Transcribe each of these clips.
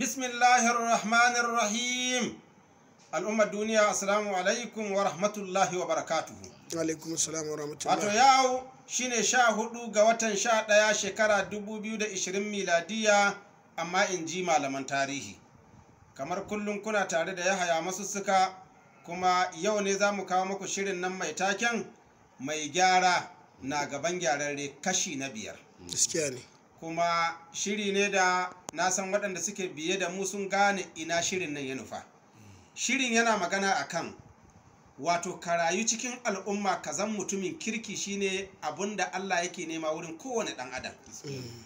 bismillahir rahmanir rahim al'ummar duniya Asalamu alaikum wa rahmatullahi wa barakatuhu alaikum assalam wa rahmatullahi wato shi shine sha hudu ga watan sha ɗaya shekara 2020 miladiya amma in ji malaman tarihi kamar kullum kuna tare da yahaya masussuka kuma yau ne za mu kawo maku shirin nan mai taken mai gyara na gaban gyararre kashi na biyar kuma shiri ne da na san waɗanda suke biye da mu sun gane ina shirin nan ya nufa shirin yana magana akan. wato ka rayu cikin al'umma kazan mutumin kirki shine abun da allah yake nema wurin kowane ɗan adam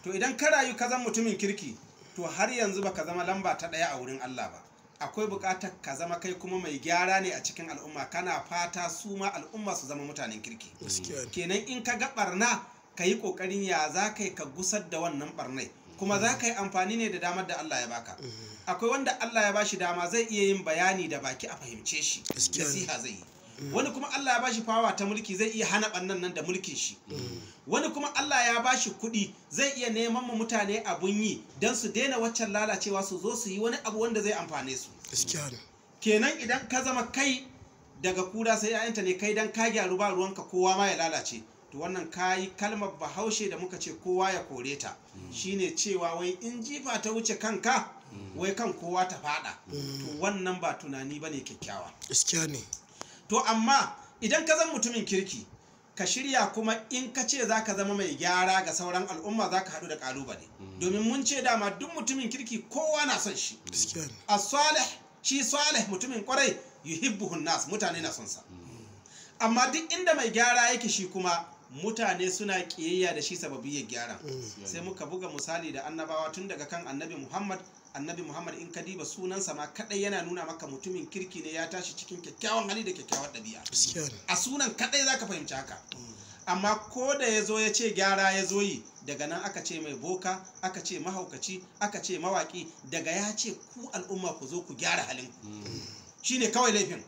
to idan ka rayu ka mutumin kirki to har yanzu ba ka zama lamba ta ɗaya a wurin allah ba akwai buƙatar ka zama kai kuma mai gyara ne a cikin al'umma kana fata su ma al'umma su zama mutanen kirki kenan in ka ga ɓarna, ka yi ƙoƙarin ya za ka ka gusar da wannan barnai kuma za ka yi amfani ne da damar da Allah ya baka mm-hmm. akwai wanda Allah ya bashi dama zai iya yin bayani da baki a fahimce shi nasiha zai yi mm-hmm. wani kuma Allah ya bashi fawa ta mulki zai iya hana bannan nan da mulkin shi mm-hmm. wani kuma Allah ya bashi kuɗi zai iya neman ma mutane abun yi don su daina waccan lalacewa su zo su yi wani abu wanda zai amfane su kenan idan ka zama kai daga kura sai 'ya'yanta ne kai dan ka gyaru ba ruwanka kowa ma ya lalace to wannan kayi kalmar bahaushe da muka ce kowa ya kore ta shine cewa wai in jifa ta wuce kanka wai kan kowa ta fada to wannan ba tunani bane kyakkyawa gaskiya ne to amma idan ka zan mutumin kirki ka shirya kuma in ka ce za ka zama mai gyara ga sauran al'umma za ka haɗu da kalubale domin mun ce dama duk mutumin kirki kowa na son shi a salih shi salih mutumin kwarai yuhibbuhun nas mutane na son sa amma duk inda mai gyara yake shi kuma mutane suna kiyayya da shi ya gyara mm. sai muka buga misali da annabawa tun daga kan annabi muhammad annabi muhammad in ka diba sunansa ma kadai yana nuna maka mutumin kirki ne ya tashi cikin kyakkyawan hali da kyakkyawan ɗabi'a a sunan kadai ka fahimci haka mm. amma ko da ya zo ya ce gyara ya zo yi daga nan aka ce mai boka aka ce mahaukaci aka ce mawaki daga ya ce ku al'umma ku zo ku gyara halin mm. shine kawai laifin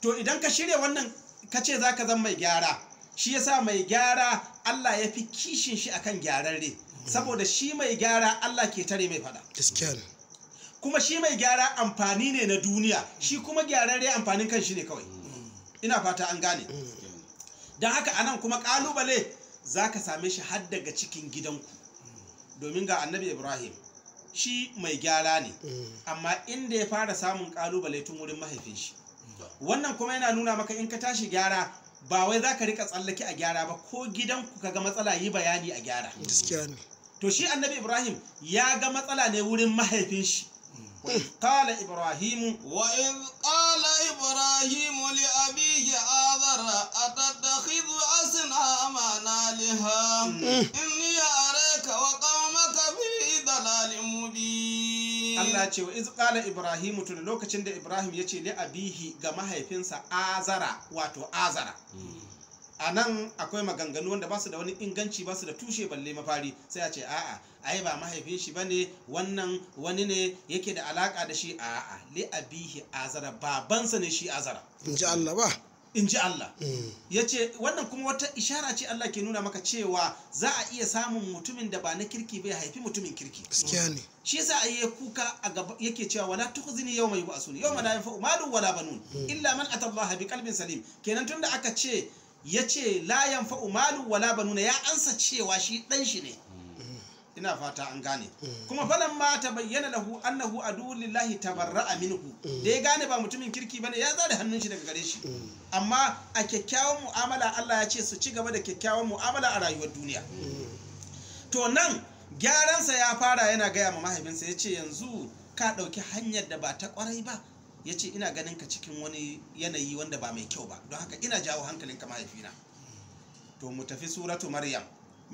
to idan ka shirya wannan ka ce za ka zama mai gyara shi yasa mai gyara Allah ya fi kishin shi akan gyararre saboda shi mai gyara Allah ke tare mai fada kuma shi mai gyara amfani ne na duniya shi kuma gyararre amfanin kan shi ne kawai ina fata an gane don haka anan kuma kalubale za ka same shi har daga cikin gidanku domin ga annabi ibrahim shi mai gyara ne amma inda ya fara samun kalubale tun wurin mahaifin shi wannan kuma yana nuna maka in ka tashi gyara ba wai za ka rika tsallake a gyara ba ko gidan ku ga matsala yi bayani a gyara to shi annabi ibrahim ya ga matsala ne wurin mahaifin shi قال إبراهيم a قال إبراهيم لأبيه آذر amana liha in Allah ce wa iz qala ibrahim tun lokacin da ibrahim yace li abihi ga mahaifinsa azara wato azara hmm. a nan akwai maganganu wanda ba su da wani inganci ba su da tushe balle mafari sai a ce a'a ai ba mahaifin shi bane wannan wani ne yake da alaka da shi a'a li abihi azara babansa ne shi azara in ji Allah ba in ji Allah eh. ya ce wannan kuma wata ishara ce Allah ke nuna maka cewa za a iya samun mutumin da ba na kirki bai haifi mutumin kirki shi yasa a yi kuka a gaba yake cewa wala tukhzini yawma yub'asun yawma la yanfa'u malun wala banun hmm. illa man atallaha bi qalbin salim kenan tunda aka ce yace layan yanfa'u malun wala banun ya ansa cewa shi dan shi ne ina fata an gane mm. kuma falan ma ta bayyana lahu annahu adu lillahi tabarra'a minhu mm. da ya gane ba mutumin kirki bane ya zare hannun shi daga gare shi mm. amma a kyakkyawan mu'amala Allah ya ce su ci gaba da kyakkyawan mu'amala a rayuwar duniya to nan gyaran sa ya fara yana gaya ma mahaifinsa ya ce yanzu ka ɗauki hanyar da ba ta kwarai ba ya ce ina ganin ka cikin wani yanayi wanda ba mai kyau ba don haka ina jawo hankalinka mahaifina to mu tafi suratu maryam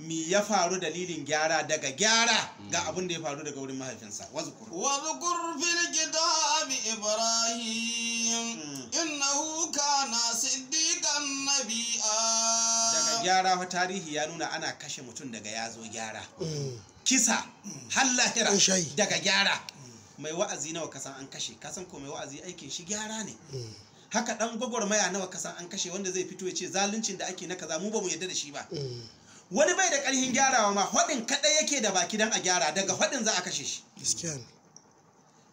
mi ya faru dalilin gyara daga gyara ga hmm. abin da ya faru daga wurin mahaifinsa wazukur wazukur fil kitabi ibrahim hmm. innahu kana siddiqan nabiyya daga gyara fa tarihi ya nuna ana kashe mutum daga yazo gyara hmm. kisa har lahira daga gyara mai wa'azi nawa kasan an kashe kasan ko mai wa'azi aikin shi gyara ne haka dan gwagwarmaya nawa kasan an kashe wanda zai fito ya ce zaluncin da ake na kaza mu ba mu yarda da shi ba wani bai da ƙarfin gyarawa ma haɗin kaɗai yake da baki don a gyara daga haɗin za a kashe shi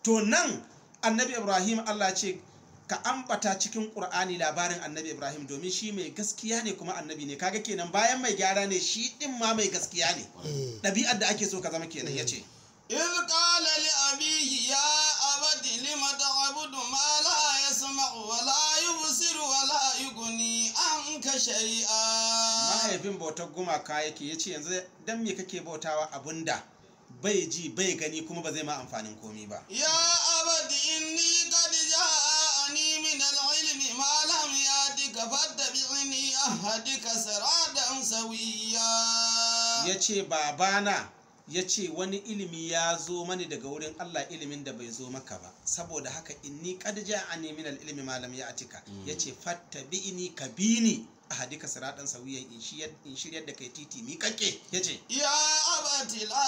to nan annabi ibrahim allah ce ka ambata cikin ƙur'ani labarin annabi ibrahim domin shi mai gaskiya ne kuma annabi ne kaga kenan bayan mai gyara ne shi ɗin ma mai gaskiya ne mm. ɗabi'ar da ake so ka zama kenan ya ce إذ قال لأبيه يا أبت لم تعبد ما لا يسمع ولا يبصر ولا يغني عنك شيئا mahaifin bautar gumaka yake ya ce yanzu dan me kake bautawa abun da bai ji bai gani kuma ba zai ma amfanin komi ba ya abadi inni qad ja'ani min al-ilmi ma lam yatika fattabi'ni ahdika siratan sawiya yace babana ya ce wani ilimi ya zo mani daga wurin Allah ilimin da bai zo maka ba saboda haka inni qad ja'ani min al-ilmi ma lam ya'tika yace bi kabini ahadika siratan sawiyan in shiryar da kai titi mi kake yace ya abati la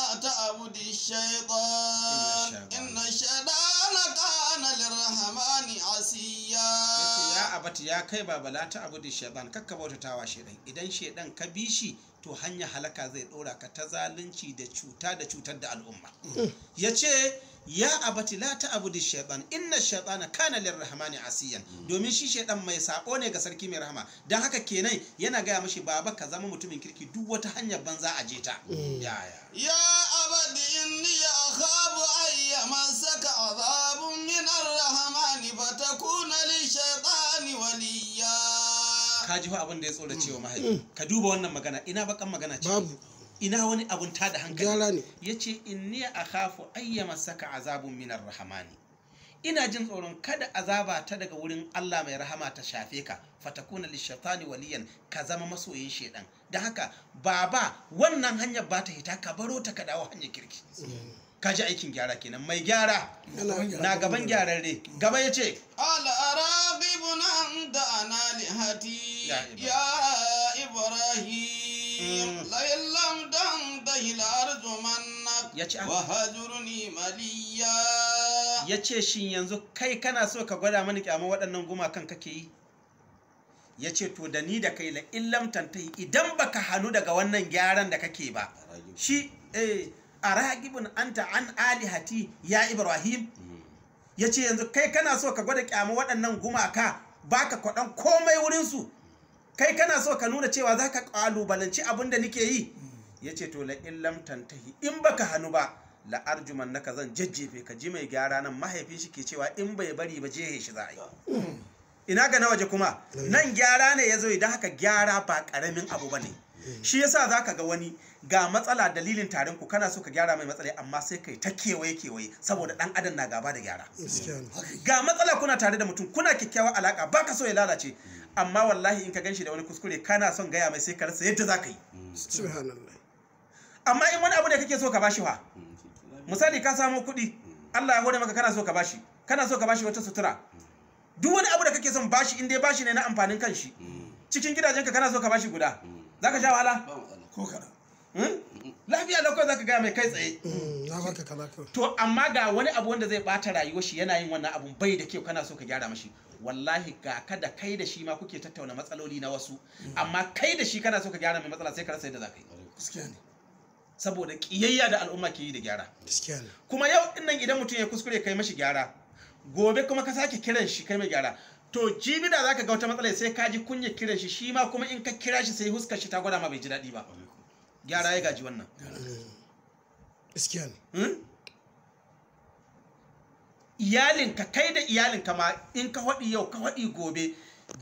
abudi shaytan inna shaytana kana lirrahmani asiya yace ya abati ya kai baba la ta'budi shaytan kakka bautatawa shaytan idan shaytan ka bi shi to hanya halaka zai ɗora ka ta zalunci da cuta da cutar da al'umma mm. ya ce ya abati la ta abu da shaitan inna shaitana kana lir rahmani asiyan mm. domin shi shaɗan mai sako ne ga sarki mai rahama don haka kenan yana gaya mashi baba ka zama mutumin kirki duk wata hanyar banza a je ta mm. ya abadi inni ya akhabu ka ji abin da ya tsora cewa mm. mahaifi mm. ka duba wannan magana ina bakan magana ce babu ina wani abun ta da hankali gyara ne yace inni akhafu ayyama saka azabun minar rahmani ina jin tsoron kada azaba ta daga wurin Allah mai rahama ta shafe ka fatakuna lishaitani waliyan ka zama masoyin shedan da haka baba wannan hanyar ba ta hita ka baro ta ka dawo hanyar kirki mm. ka ji aikin gyara kenan mai gyara na gaban gyararre gaba ya ce da ana lihati ya ibrahim dan da hilar wa hajurni maliya ya ce shi yanzu kai kana so ka gwada mani kyama waɗannan gumakan kake yi ya ce to da ni da kai la illam idan idan baka hannu daga wannan gyaran da kake ba shi eh A anta an alihati ya ibrahim yace yanzu kai kana so ka gwada kyama waɗannan gumaka baka kwaɗon komai wurin su kai kana so ka nuna cewa zaka kalubalanci abin da nike yi yace to la illam tantahi in baka hannu ba la arjuman naka zan jajjefe ka ji mai gyara nan mahaifin shi ke cewa in bai bari ba jehe shi za a yi ina ga na waje kuma nan gyara ne ya zo idan haka gyara ba karamin abu ba ne shi yasa ka ga wani ga matsala dalilin tarin ku kana so ka gyara mai matsala amma sai kai ta kewaye kewaye saboda dan adam na gaba da gyara ga matsala kuna tare da mutum kuna kyakkyawa alaka baka so ya lalace amma wallahi in ka ganshi da wani kuskure kana son gaya mai sai ka rasa yadda ka yi amma in wani abu da kake so ka bashi fa misali ka samu kuɗi Allah ya hore maka kana so ka bashi kana so ka bashi wata sutura duk wani abu da kake son bashi in dai bashi ne na amfanin kan shi, cikin gidajenka kana so ka bashi guda za ka sha wahala ko hmm? lafiya da kawai za ka gaya mai kai tsaye mm, to amma ga wani abu wanda zai bata rayuwar shi yana yin wannan abun bai da kyau kana so ka gyara mashi wallahi ga ka da kai da shi ma kuke tattauna matsaloli na wasu mm. amma kai da shi kana so ka gyara mai matsala sai ka rasa yadda za ka yi saboda kiyayya da al'umma ke yi da gyara kuma yau innan idan mutum ya kuskure kai mashi gyara gobe kuma ka sake kiran shi kai mai gyara to jibi da zaka ga wata matsala sai ka ji kunya kira shi shi ma kuma in ka kira shi sai huskar shi ta gwada ma bai ji daɗi ba gyara ya gaji wannan gaskiya ne hmm? iyalinka kai da iyalinka ma in ka haɗi yau ka haɗi gobe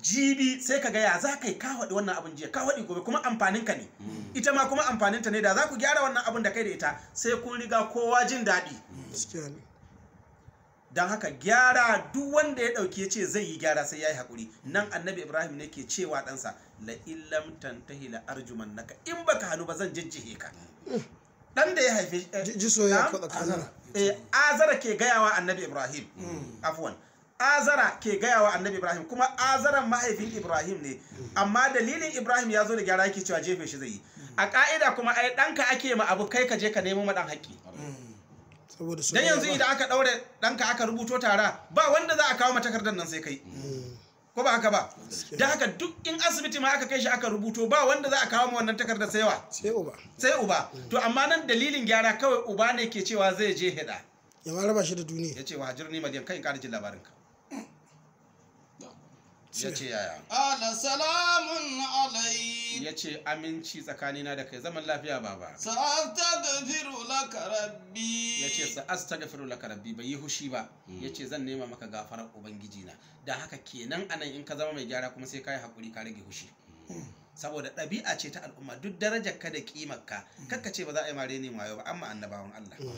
jibi sai ka gaya za ka yi ka haɗi wannan abin jiya ka haɗi gobe kuma amfaninka ne hmm. ita ma kuma amfaninta ne da za ku gyara wannan abin da kai da ita sai kun riga kowa jin daɗi don haka gyara duk wanda ya ɗauki ya ce zai yi gyara sai yayi hakuri. nan annabi ibrahim ne ke cewa ɗansa la illam tantahi la arjuman naka in baka hannu ba zan jijjihe ka Dan da ya haife eh, jiso ya da kazara eh, azara ke gayawa annabi ibrahim afwan azara ke gayawa annabi ibrahim kuma azaran mahaifin ibrahim ne amma dalilin ibrahim ya zo da gyara yake cewa jefe shi zai yi a ka'ida kuma ai danka ake ma abu kai ka je ka nemo ma ɗan haƙƙi dan yanzu idan aka daure danka aka rubuto tara ba wanda za a kawo mata takardar nan sai kai hmm. ko ba haka ba da haka duk in asibiti ma aka kai shi aka rubuto ba wanda za a kawo ma wannan takardar sai wa sai uba sai uba hmm. to amma nan dalilin gyara kawai uba ne ke cewa zai je heda ya ma raba shi da duniya yace wa hajirni madiyan kai in ƙara jin labarin ka ya ce yaya ala salamun alai ya ce aminci tsakanina da kai zaman lafiya baba sa'astaghfiru laka rabbi ya ce sa'astaghfiru laka rabbi bai yi hushi ba hmm. yace zan nema maka gafarar ubangiji na da haka kenan anan in ka zama mai gyara kuma sai kayi hakuri ka rage hushi hmm. saboda ɗabi'a ce ta al'umma duk darajar hmm. ka da ƙimar ka kakka ce ba za a yi mare ne mayo ba amma annabawan Allah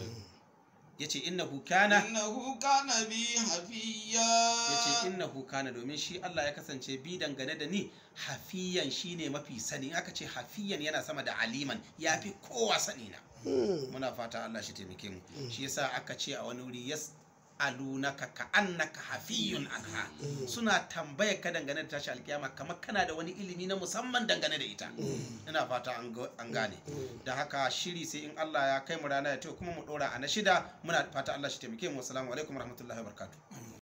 yace innahu kana innahu kana bi hafiya yace innahu kana domin shi Allah ya kasance bi dangane da ni hafiyan shine mafi sani aka ce hafiyan yana sama da aliman yafi kowa sani na hmm. muna fata Allah shi taimake mu hmm. shi yasa aka ce a wani wuri yas alunaka ka annaka hafiyun anha suna tambaya ka dangane da tashi alkiyama kamar kana da wani ilimi na musamman dangane da ita ina fata an gane da haka shiri sai in Allah ya kai mu rana ya tayo kuma mu dora a na shida muna fata Allah shi taimake mu assalamu alaikum warahmatullahi wabarakatuh